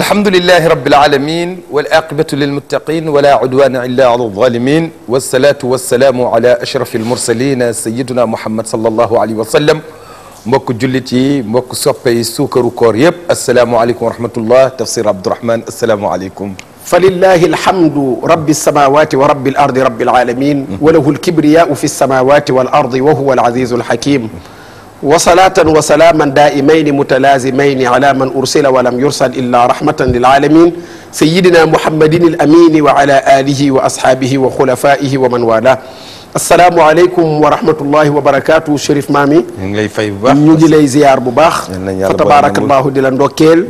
الحمد لله رب العالمين والآقبة للمتقين ولا عدوان إلا على الظالمين والصلاة والسلام على أشرف المرسلين سيدنا محمد صلى الله عليه وسلم mbokk جلتي yi mbokk سوكر كوريب السلام عليكم ورحمة الله تفسير عبد الرحمن السلام عليكم فلله الحمد رب السماوات ورب الأرض رب العالمين وله الكبرياء في السماوات والأرض وهو العزيز الحكيم وصلاة وسلاما دائمين متلازمين على من أرسل ولم يرسل إلا رحمة للعالمين سيدنا محمد الأمين وعلى آله وأصحابه وخلفائه ومن والاه السلام عليكم ورحمة الله وبركاته شريف مامي نجي في بخ نجي لي زيار ببخ فتبارك الله دلنا دوكيل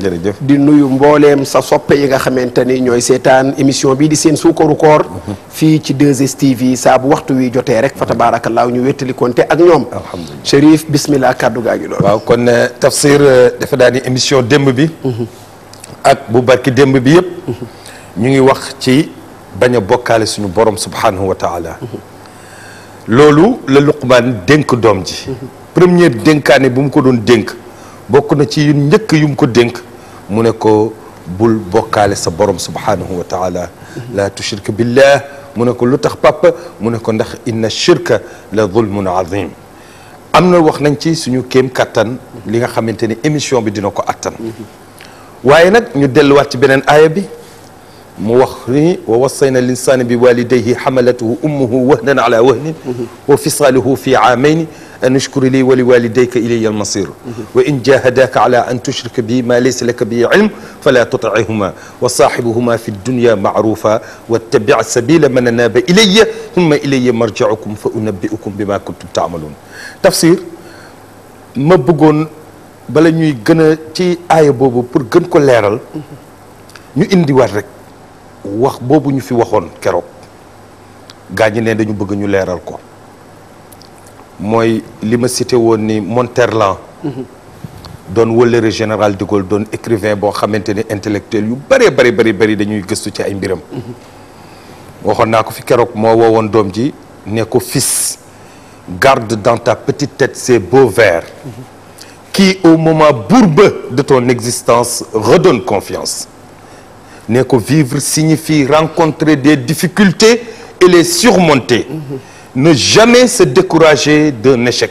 دي نيو مبولم سوصب يغا خمنتني نيو سيطان اميسيون بي دي سين سوكو روكور في تي دوز اس تي في ساب وقت وي جوتي رك فتبارك الله نيو ويتلي كونتي اك نيوم شريف بسم الله كادو غاغي لول واو كون تفسير دفداني اميسيون ديم بي اك بو بركي ديم بي ييب نيغي واخ تي باغا بوكالي سونو بوروم سبحانه وتعالى lolu le luqman dénk dom ji premier denkane bu mu ko doon dénk bokku na ci yu yu mu ko dénk mu ne ko bul bokale sa borom subhanahu wa taala la tushrik billah mu ne ko lutax tax papa mu ne ko ndax inna shirka la dhulmun azim amna wax nañ ci suñu kem katan li nga xamanteni émission bi dina ko attan waye nak ñu wat ci benen aya bi موخره ووصينا الإنسان بوالديه حملته أمه وهنا على وهن وفصاله في عامين أن اشكر لي ولوالديك إلي المصير وإن جاهداك على أن تشرك بي ما ليس لك به علم فلا تطعهما وصاحبهما في الدنيا معروفا واتبع سبيل من ناب إلي ثم إلي مرجعكم فأنبئكم بما كنتم تعملون تفسير ما بغون بلا ñuy gëna ci aaya boobu pour gën ليرال leeral اندي indiwaat wax bobu ñu fi waxone gañu né dañu bëgg ñu léral ko cité Monterland général de Gaulle écrivain intellectuel yu bari bari bari bari dañuy gëstu ci ay mbiram waxon fi fils garde dans ta petite tête ces beaux vers qui au moment bourbeux de ton existence redonne confiance Néco-vivre signifie rencontrer des difficultés et les surmonter. Ne jamais se décourager d'un échec.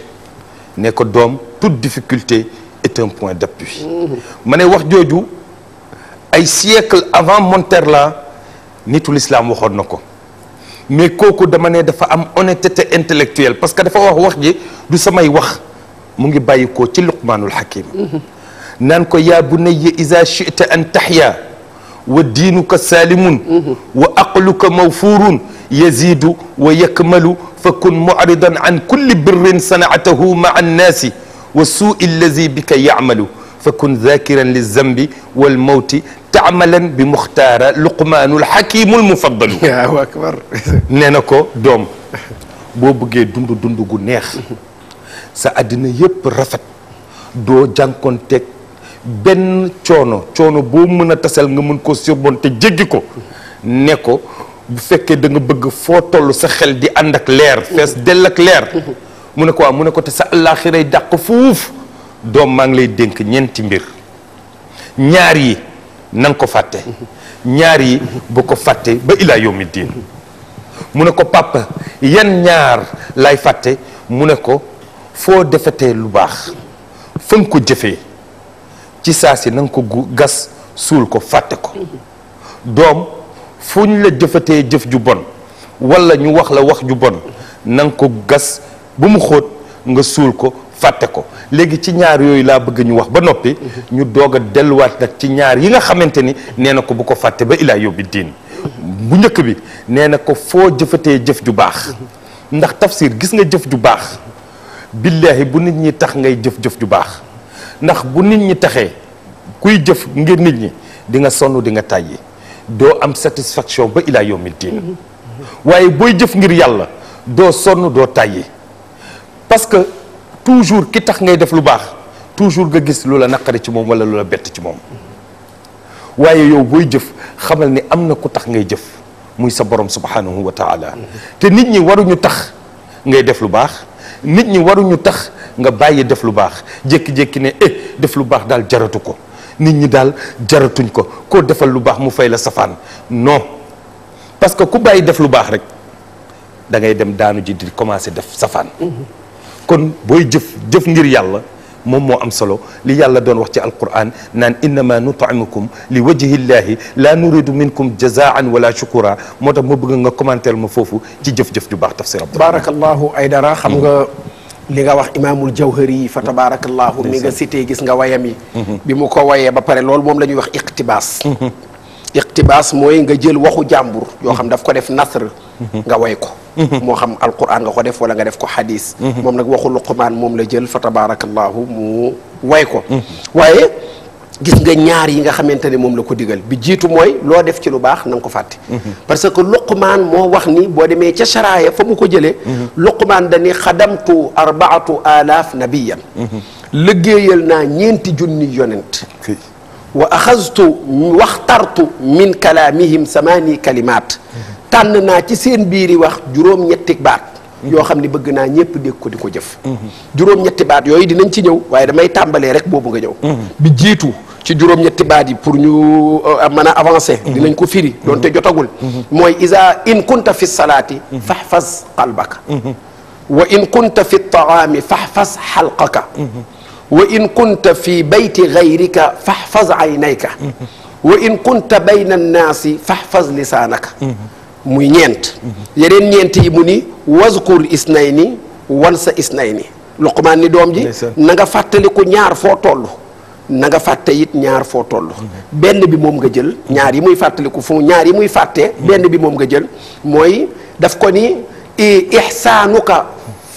Néco-dom, toute difficulté est un point d'appui. Mané Wardjodjou, ay siècle avant Monterla, tout l'islam waxoon na mais Koko dama manière dafa am honnêteté intellectuelle parce que dafa wax wax ji du samay wax mu ngi ko ci luqmaanul hakim mhm. Nan ko yaa bunayya iza shi'ta an tahya ودينك سالم وأقلك موفور يزيد ويكمل فكن معرضا عن كل بر صنعته مع الناس والسوء الذي بك يعمل فكن ذاكرا للذنب والموت تعملا بمختار لقمان الحكيم المفضل يا أكبر نينكو دوم بو بغي دوندو دوندو gu neex sa àddina yépp دو doo jànkoonteeg benn coono coono boo mën a tasal nga mën koo surbonte jéggi ko ne ko bu fekkee da nga bëgg foo toll sa xel di ànd ak leer fees dell ak leer mu ne ko waaw mu ne ko te sa àllaaxiray dàq fuuf doom maa ngi lay dénk ñeenti mbir ñaar yi na ko fàtte ñaar yi bu ko fàtte ba ilaa yawmi diin mu ne ko pàpp yan ñaar lay fàtte mu ne ko foo defetee lu baax fa ko jëfee ci saa si nanga ko gu gas suul ko fàtte ko doom fu ñu la jëfatee jëf ju bon wala ñu wax la wax ju bon nanga ko gas bu mu xóot nga suul ko fàtte ko léegi ci ñaar yooyu laa bëgg ñu wax ba noppi ñu doog a delluwaat nag ci ñaar yi nga xamante ni nee na ko bu ko fàtte ba ilaa yóbbi diin bu njëkk bi nee na ko foo jëfatee jëf ju baax ndax tafsir gis nga jëf ju baax billaahi bu nit ñi tax ngay jëf-jëf ju baax ndax bu nit ñi taxee kuy jëf ngir nit ñi di nga sonn di nga tàyyi doo am satisfaction ba ilaa yawmil diin mm-hmm. waaye booy jëf ngir yàlla doo sonn doo tàyyi parce que toujours ki tax ngay def lu baax toujours nga gis lu la naqari ci moom wala lu bett ci moom waaye yow booy jëf xamal ni am na ku tax ngay jëf muy sa borom subhanahu wa taala mm-hmm. te nit ñi waruñu tax ngay def lu baax nit ñi waruñu tax nga bàyyi def lu baax jékki-jékki ne eh def lu baax daal jaratu ko nit ñi daal jaratuñ ko koo defal lu baax mu fay la safaan non parce que ku bàyyi def lu baax rek da ngay dem daanu ji di commencer def safaan kon booy jëf jëf ngir yàlla moom moo am solo li yàlla doon wax ci alquran naan innama nut'imukum li wajhillahi la nuridu minkum jazaan wala shukura moo tax ma bëgg nga commenter ma foofu ci jëf-jëf ju baax tafsir barakallahu ay dara xam li nga wax imaamul jawhari yi fa tabaarakallaahu mi nga cité gis nga wayam bi mu ko waye ba pare lol mom la wax iqtibaas iqtibaas moy nga jël waxu jambour yo xam daf ko def nasr nga way ko mo xam alquran nga ko def wala nga def ko hadith mom nak waxu luqman mom la jël fa allah mu way ko waye gis nga ñaar yi nga xamante ne moom la ko digal bi jiitu mooy loo def ci lu baax nanga ko fàtte parce que luqmaan moo wax ni boo demee ca saraaya fa mu ko jëlee luqmaan dani xadamtu arbaatu alaaf nabiyan liggéeyal naa ñeenti junni yonent wa axastu tartu min kalaamihim samaani kalimaat tànn naa ci seen biir yi wax juróom baat yoo xam ni bëgg naa ñëpp dégg ko di ko jëf juróom-ñetti baat yooyu dinañ ci ñëw waaye damay tàmbalee rek boobu nga ñëw mhm. bi jiitu ci juróom-ñetti baat yi pour ñu mëna a avancer dinañ ko firi doonte jotagul moy iza in kunta fi salati fahfaz qalbaka wa in kunta fi taami fahfaz halqaka wa in kunta fi bayti ghayrika fahfaz aynayka wa in kunta bayna an-nas fahfaz lisanaka muy ñent yeren ñent yi muni wazkur isnayni wansa isnayni luqman ni dom ji na nga fatali ko ñaar fo tollu na nga fàtte it ñaar foo toll benn bi moom nga jël ñaar yi muy fàttaliku fu ñaar yi muy fàtte benn bi moom nga jël mooy daf ko ni ihsaanuka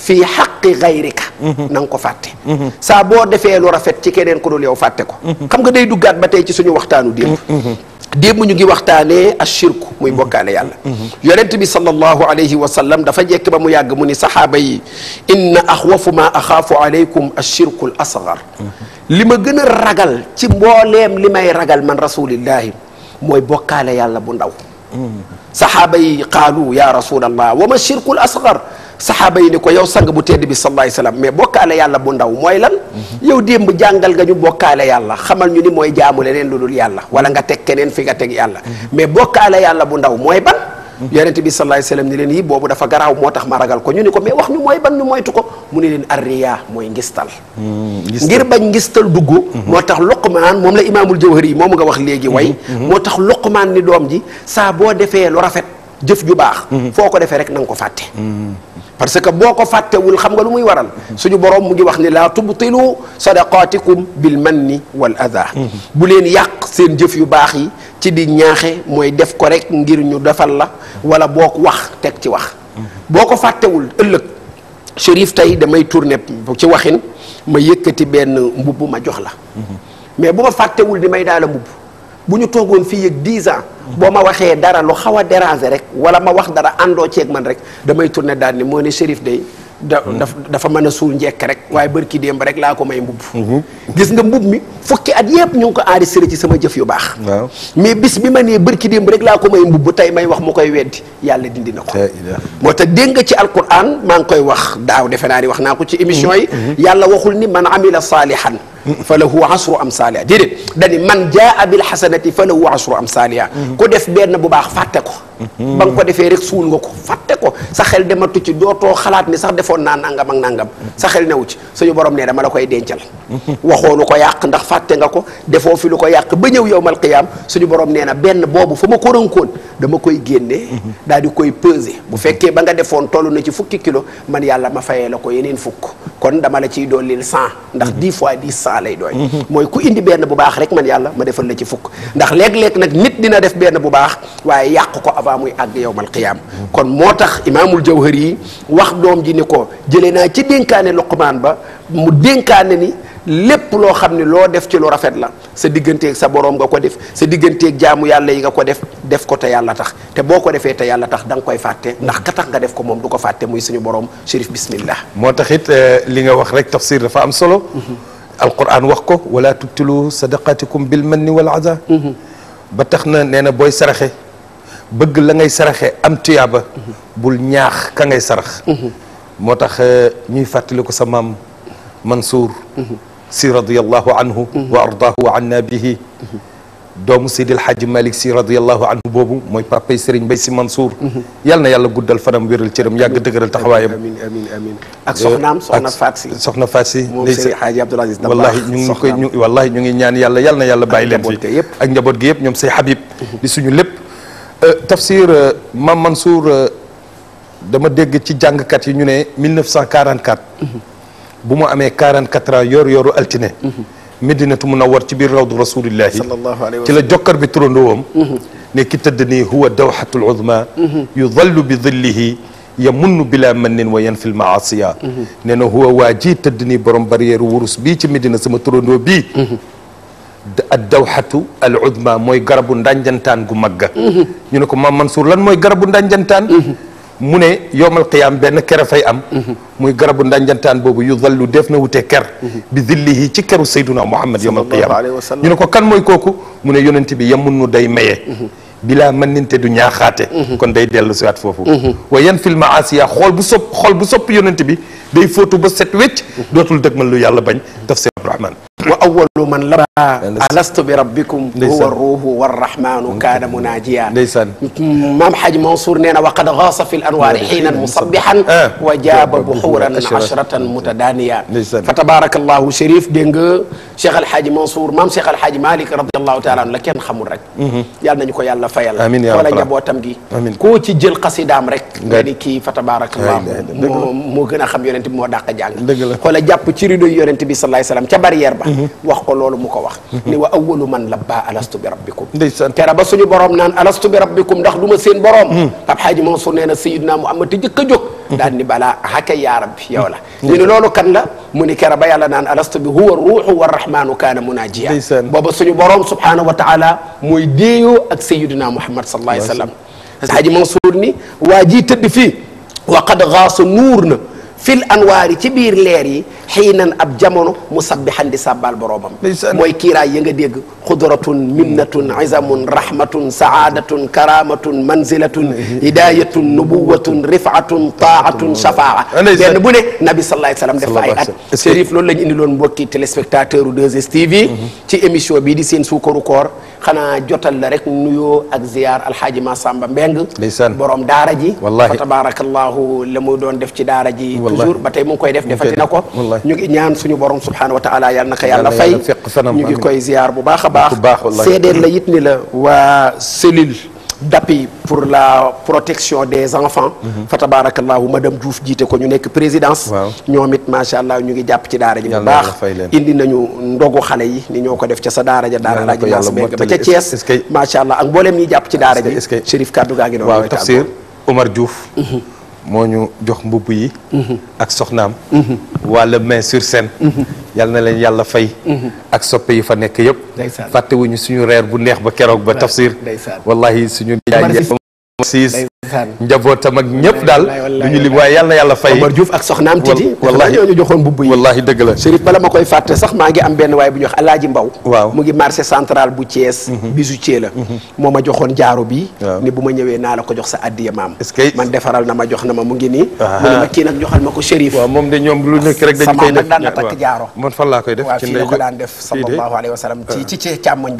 fii xaqi gayrika na nga ko fàtte saa boo defee lu rafet ci keneen ku dul yow fàtte ko xam nga day duggaat ba tey ci suñu waxtaanu démb démb ñu ngi waxtaanee ashirku muy bokkaale yàlla yonent bi sallallahu alayhi wa sallam dafa jekk ba mu yàgg mu ni saxaaba yi inna axwafu ma axaafu alaykum ashirku l asgar li ma gën a ragal ci mbooleem li may ragal man rasulillahi mooy bokkaale yàlla bu ndaw saxaaba yi qaalu ya rasulallah wa ma shirku l asgar saxaaba yi ni ko yow sang bu tedd bi sallallahu alayhi wasallam mais bokkaale yàlla bu ndaw mooy lan mhm. yow démb jàngal nga ñu bokkaale yàlla xamal ñu ni mooy jaamu leneen lu dul yàlla wala nga teg keneen fi nga teg yàlla mhm. mais bokkaale yàlla bu ndaw mooy ban mhm. yonent bi sallallahu alayhi wasallam ni leen yi boobu dafa garaaw moo tax ma ragal ko ñu ni ko mais wax ñu mooy ban ñu moytu ko mu ni leen arriya mooy hmm, ngistal ngir bañ ngistal dugg moo tax Luqmaan moom la imaamul Jawhari yi moom nga wax léegi way moo tax Luqmaan ni doom ji saa boo defee lu rafet jëf ju baax foko défé rek nang ko faté parce que boko faté wul xam nga lu muy waral suñu borom mu ngi wax ni la tubtilu sadaqatikum bil manni wal adha bu len yàq seen jëf yu baax yi ci di ñaaxe moy def ko rek ngir ñu defal la wala boo wax tek ci wax boko faté wul ëllëg Chérif tay damay tourner ci waxine ma yëkëti ben mbubu ma jox la mais buma faté wul di may daala mbubu bu ñu toogoon fii ak 10 ans boo ma waxee dara lu xaw a déranger rek wala ma wax dara àndoo ceeg man rek damay tourné daal ni moo ne Chérif day dafa mën a suul njekk rek waaye bërki démb rek laa ko may mbubb mhm. gis nga mbubb mi fukki at yëpp ñu ngi ko enregistré ci sama jëf yu baax mais bis bi ma nee bërki démb rek laa ko may mbubb tey may wax mu koy weddi yàlla dindi na ko moo tax dégg nga ci alquran maa ngi koy wax daaw defe naa ni wax naa ko ci émission yi mhm. Mhm. yàlla waxul ni man amila saalihan fa lahu asru am saaliha déedéet dani man jaa bil xasanati fa lahu asru am saaliha ko def benn bu baax fàtte ko ba nga ko defee rek suul nga ko fàtte ko sa xel dematu ci too xalaat ni sax defoon naa nangam ak nangam sa xel newu ci suñu borom ne dama la koy dencal waxoo lu ko yàq ndax fàtte nga ko defoo fi lu ko yàq ba ñëw yow mal qiyaam suñu borom nee na benn boobu fa ma ko rënkoon dama koy génne. daal di koy peser bu fekkee ba nga defoon toll na ci fukki kilo man yàlla ma fayee la ko yeneen fukk kon dama la ciy dollil cent ndax dix fois dix san lay doy. mooy ku indi benn bu baax rek man yàlla ma defal la ci fukk ndax léeg-léeg nag nit dina def benn bu baax waaye yàq ko avant muy àgg yow mal qiyaam kon moo tax imaamul jawhari yi wax doom ji ni ko jëlee naa ci dénkaane luqmaan ba mu dénkaane ni lépp loo xam ne loo def ci lu rafet la sa digganteeg sa borom nga ko def sa digganteeg jaamu yàlla yi nga ko def def ko te yàlla tax te boo ko defee te yàlla tax danga koy fàtte ndax ka tax nga def ko moom du ko fàtte muy suñu borom shérif bismillah. moo tax it euh, li nga wax rek tafsir dafa am solo. Mhm. alquran wax ko wala tubtilu sadaqatikum bil manni wal aza mhm. ba tax na nee na booy saraxee bëgg la ngay saraxe am tuyaaba. Mhm. bul ñaax ka ngay sarax. moo tax euh, ñuy fàttali ko sa maam Mansour. si radiallahu anhu wa ardaahu wa anna bihi doomu Seydil Hadji Malick si radiallahu anhu boobu mooy papay Serigne Mbaye Sy Mansour yal na yàlla guddal fanam wéral cëram yàgg dëgëral taxawaayam amiin amiin amiin ak soxnaam soxna Faat Si soxna Faat Si moom Serigne Hadji Abdoul Aziz wallaahi ñu ngi koy ñu wallaahi ñu ngi ñaan yàlla yal na yàlla bàyyi leen fi ak njaboot gi yëpp ñoom say Habib di suñu lépp euh, tafsir euh, Mame Mansour euh, dama dégg ci jàngkat yi ñu ne 1944 bu mu amee 44 ans yor yoru altine mhm. medinatu munawwar ci biir rawdu rasulillahi ci la jokkar bi turandoowam mhm. ne ki tëdd nii huwa dawhatul uzma mhm. yudallu bi dillihi yamunnu bila mannin wa yanfi l maasiya ne na huwa waa ji tëdd nii borom barrière wurus bii ci medina sama turandoo bii ad dawhatu al uzma mooy garabu ndànjantaan gu magga ñu ne ko maam Mansour lan mooy garabu ndànjantaan mune ne yowmal ben kera fay am muy garabu ndanjantan bobu yu zallu def wute ker bi zillihi ci keru sayyiduna muhammad yowmal qiyaam ñu ko kan moy koku mune yonenti bi yamunu day maye bila maninte ninte du ñaaxaate kon day delu ci wat fofu wa yan fil maasiya xool bu sop xool bu sop yonenti bi day fotu ba set wetch dotul dëgmal lu yàlla bañ tafsir wa أول من لبى ألست بربكم هو الروح والرحمن كان مناجيا مام حاج منصور نينا وقد غاص في الأنوار حينا مصبحا وجاب بحورا عشرة متدانيا فتبارك الله شريف دينغ شيخ الحاج منصور مام شيخ الحاج مالك رضي الله تعالى لكن خمر رك يالنا نكو يالنا فايل أمين يا رب ولا جابوا تمجي كوتي جل قصيدام رك كي فتبارك الله مو غنا خم يورنتي مو داقة جانغ ولا جابوا تشيري دو يورنتي بي صلى الله عليه وسلم تبارك الله wax ko loolu mu ko wax ni wa awwalu man labba alastu bi rabbikum ndeysaan kera ba suñu borom naan alastu bi rabbikum ndax du ma seen borom ab xaaji Mansour nee na sayidna Muhammad te jëkk a jóg daal ni balaa haka yaa rabbi yow la ñu ne loolu kan la mu ni kera ba yàlla naan alastu bi huwa ruuxu wa rahmanu kaana munajiya booba suñu borom subhanahu wa taala mooy déeyoo ak sayidna Muhammad sallallahu alayhi wa sallam xaaji Mansour ni waa jii tëdd fii wa qad gaasa nuur na fil anwaar yi ci biir leer yi xiinan ab jamono mu sabbihan di sàbbaal boroomam mooy kiiraay ya nga dégg xudratun minnatun izamun rahmatun saadatun karamatun manzilatun hidayatun nubuwatun rifatun taatun shafaa benn bu ne nabi sallallahu alayhi wasallam def ay at Chérif loolu la ñu indi loon mbokki téléspectateur u 2STV mm-hmm. ci émission bii di seen suukaru koor xanaa jotal la rek nuyoo ak ziyaar alxaaji Massamba Mbeng ndeysaan borom daara ji wallaahi fa tabarakallahu la muy doon def ci daara ji toujours ba tey mu ngi koy def defati na ko ñu ngi ñaan suñu borom subhanahu wa taala yàlla na ko yàlla fay ñu ngi koy ziyaar bu baax a baax seedeel la it ni la waa cellule d'appui pour la protection des enfants mhm. fa madame Diouf dit ko ñu nekk présidence ñoom machallah nous allah ñu ngi nous ci daara ji bu baax indi nañu ndogu les yi ni nous avons def ca Nous avons ja daara nous avons beeg ba nous avons ak avons ñi ci Chérif nous avons tafsir Omar Diouf mhm. moo ñu jox mbubb yi mhm. ak soxnaam mhm. walla main sur scène mhm. yal na leen yàlla fay ak soppe yi fa nekk yëpp fàttewuñu suñu reer bu neex ba keroog ba tafsir wallahi suñu siis njabootam ak ñëpp daal du ñu lim waaye yàlla yàlla fay Omar Diouf ak soxnaam Titi wallaahi ñoo ñu joxoon mbubb yi wallaahi la Chérif bala ma koy fàtte sax maa ngi am benn waaye bu ñuy wax Mbaw mu ngi marché central bu Thiès mhm. bijoutier la mhm. moo ma joxoon jaaro bi ni bu ma ñëwee naa la ko jox sa addiya maam est-ce que man defaral na ma jox na ma mu ngi nii mu ne ma kii nag joxal ma ko Chérif waaw moom de ñoom lu nekk rek dañu koy def daan na man fan laa koy def ci la ko daan def sallallahu alayhi wa sallam ci ci càmmoñ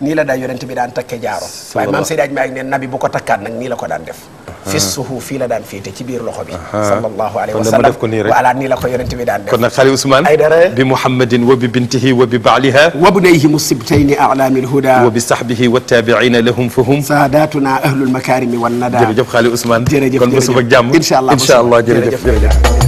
nii la daa yonent bi daan takke jaaro waaye maam Seydi Aj Maalik ne nabi bu ko takkaat nag nii la ko daan def fi suhu fii la daan féete ci biir loxo bi sallallahu alayhi wa sallam def ko nii rek voilà nii la ko yonent bi daan def kon nag xali Ousmane ay dara bi muhammadin wa bi bintihi wa bi baaliha wa bunayhi musibtayni a'lamil huda wa bi sahbihi wa tabi'ina lahum fahum saadaatuna ahlul makarimi wan nada jërëjëf xali Ousmane jërëjëf kon bu suba jàmm incha allah incha allah jërëjëf jërëjëf